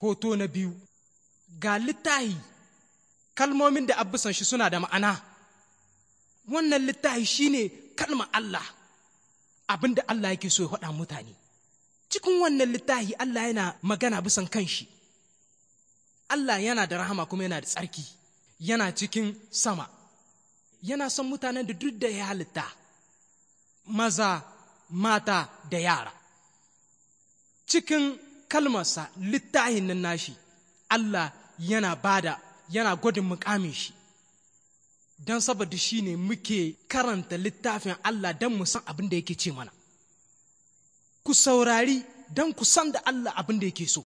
hoto na biyu ga littahi kalmomin da abu shi suna da ma'ana wannan littahi shine kalma Allah abin da Allah yake so ya faɗa mutane cikin wannan littahi Allah yana magana bisan kanshi Allah yana da rahama kuma yana da tsarki yana cikin sama yana son mutanen da duk da ya halitta maza mata da yara cikin kalmarsa littahin nan nashi Allah yana bada yana gwadin mukamin shi don saboda shi ne muke karanta littafin Allah don mu san abin da yake ce mana ku saurari don ku san da Allah abin da yake so